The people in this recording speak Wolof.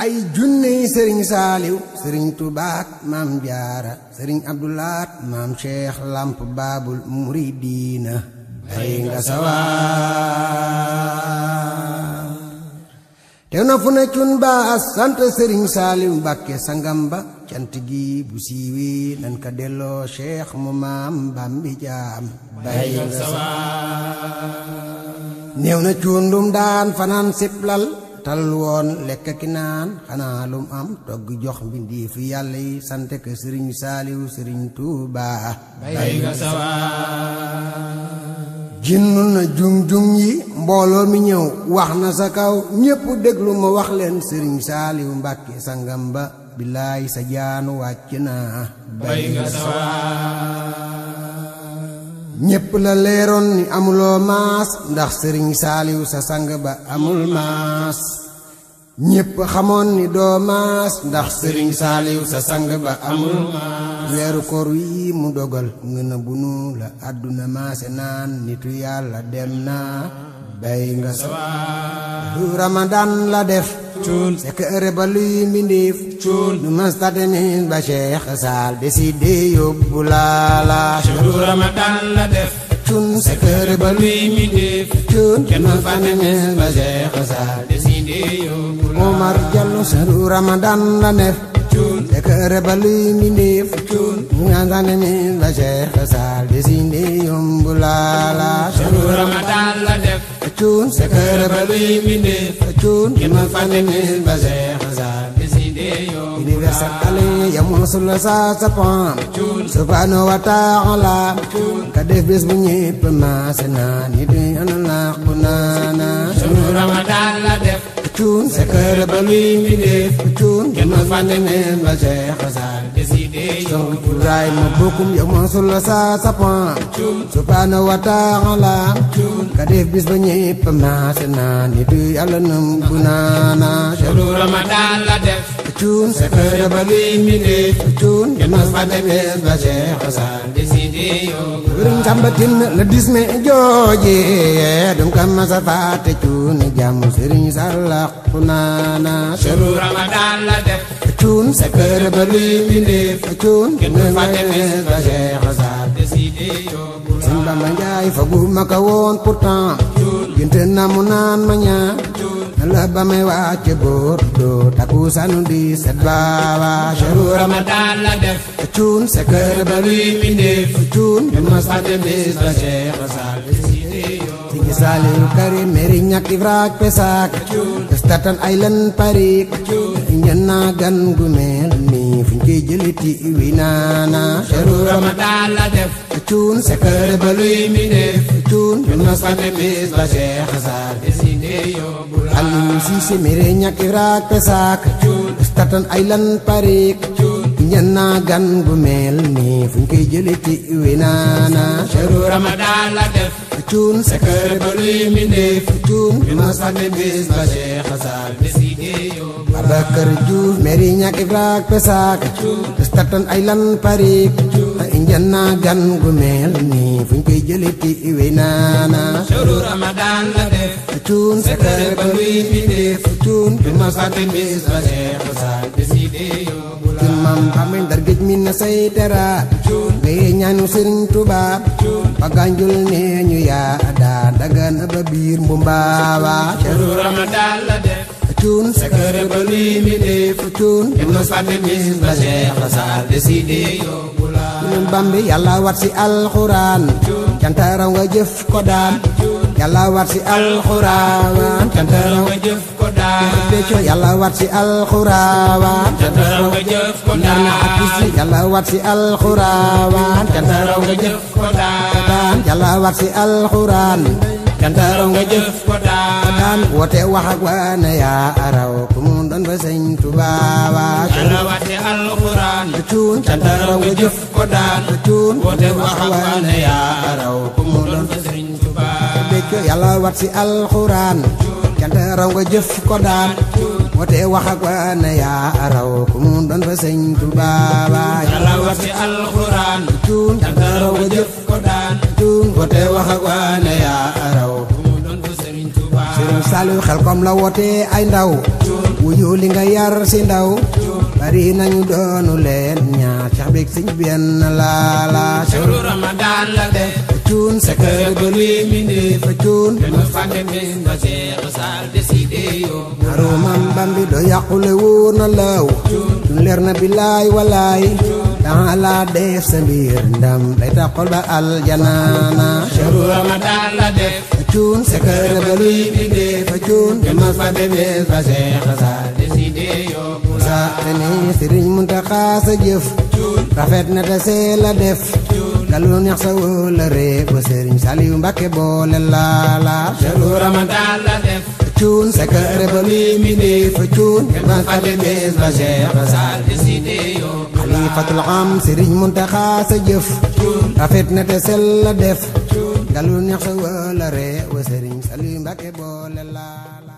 ay junney sëriñ saaliw sëriñ tubaak maam jaara sëriñ abdulaat maam cheikh lamp baabul muridiina bay nga sawaar na fu ne cun ba as sëriñ saaliw mbàkke sangam ba cant gi bu siiwee nan ka delloo cheikh mu maam bambi jaam bay nga sawaar néew na cundum daan fanaan siplal tal woon lekk ki naan xanaa lum am togg jox mbindeefu yàlla yi sante ko sëriñ saaliw sëriñ tuuba bay nga sawaa jinnu na jung-jung yi mbooloo mi ñëw wax na sa kaw ñépp déglu ma wax leen sëriñ saaliw mbàkke sangam ba bilaay sa jaanu wàcc na bay nga sawaa ñépp la leeroon ni amuloo maas ndax sëriñ saaliw sa sang ba amul maas ñépp xamoon ni doo maas ndax sëriñ saaliw sa sang ba amul maas weeru koor wii mu dogal ngën a bunu la àdduna maase naan nit yàlla dem naa bay nga sa ramadaan la def cuun sekere ba luy mbindéef cuun nu mastatinin ba Cheikh Saal décidé yóbbu laala la def cuun sekere ba ba Cheikh Saal décidé yóbbu laala cuun sekere ba ba Cheikh Saal facun sekere bali minde facun ima fanene baze hazan Universal Ali ya musul sa sapam Subhanahu wa ta'ala Kadef bis bunyi pemasena Nidi anala kunana Sunu Ramadan la def Facun sekere bali minde facun ima fanene baze hazan Sohna Ibrahima bokkum yow Mansour la sa sapon subhaana wa taala ka def bis ba ñëpp maase naa nitu yàlla nam bu naana shahru Ramadan la def cuun sa kër ba luy mindee cuun ngeen mas fa la dis ne oh. jooje dum kam ma sa faate cuun jàmm sëriñ sàllaxu naana sëru Ramadan la def cuun sa kër ba luy mindee cuun ngeen mas fa demee ba Cheikh Sall décidé yoo oh. gërëm Sëñ Bamba na mu naan ma ñaan la ba may wàcc Bordeaux takkusaan di set baawa cheru Ramadan la def cuun sa ba luy mbindeef cuun ñu mas a dem bis ba Cheikh Sall Sigi Saliou Karim meri ñàkk Ivraak Pesaak Statan Island Paris ñan naa gan gu mel koy jëliti wi naana teru ramadaan la def cuun sa kër mi def cuun du na ba Cheikh Sarr desine yóbbu la Aliou Cissé statan ay lan parik ñan naa gan bu mel nii fuñ koy jëliti wi naana ramadan la def cuun sa kër ba luy mbindee fi cuun ma sànni bis ba Cheikh Sall décidé yow Abakar Diouf mairie ñak Ibrahima Pesaak Staten Island Paris injan naa gan gu mel nii fuñ koy jëlee ci iwe naana suru ramadan la def cuun sa kër ba luy mbindee fi cuun ma sànni bis ba Cheikh Sall décidé yow maam Amin Ndar géej mi na say tera ngay ñaanu Sëriñ Tuubaa ba Gànjul nee ñu yaa daa Dagana ba biir Mbumbaawa ceru Ramadan la def cuun sa kër ba luy mi def cuun dem na fàtte mis la Seex Saar décidé yóbbu la ñun Bambi yàlla wat si alxuraan cantaraw nga jëf ko daan yàlla war si alxuraan cantara nga jëf ko daan bécco yàlla war na artiste yàlla war si alxuraan cantara nga jëf ko daan yàlla nga jëf ko daan woote wax ak waa yaa araw ku mu doon ba sëñ tubaawa cuun woote wax ak waa yaa araw ku mu doon ba sëñ barke yàlla wat si alxuraan cant raw nga jëf ko daan moo tee wax ak waa ne yaa raw ku mu fa sëñ Tuubaa baay yàlla wat si alxuraan cuun cant raw nga jëf ko daan cuun moo tee wax ne yaa raw ku mu fa sëñ Tuubaa sëriñ Saliou xel kom la wootee ay ndaw wuyu li nga yar si ndaw bari nañu doonu leen ñaar cax beeg sëñ benn laala sëru Ramadan la de cuun sa bambi do yàqule wóor na law cuun na bilaay walaay danga laa def sa ndam day taxol ba aljanaana ceru ramadaan la def fa cuun sa kër ba luy mindee fa Moussa ne nañu Sëriñ Muntaxa sa jëf rafet na te see la def dalu neex sa wóolare ba Sëriñ Saliou Mbacké boole laala jalu ramadan la def cuun sa kër ba luy mindee fa cuun man fa de bés ba Cheikh Sall décidé yo xalifatul am Sëriñ Muntaxa sa jëf rafet na te sell la def dalu neex sa wóolare ba Sëriñ Saliou Mbacké boole laala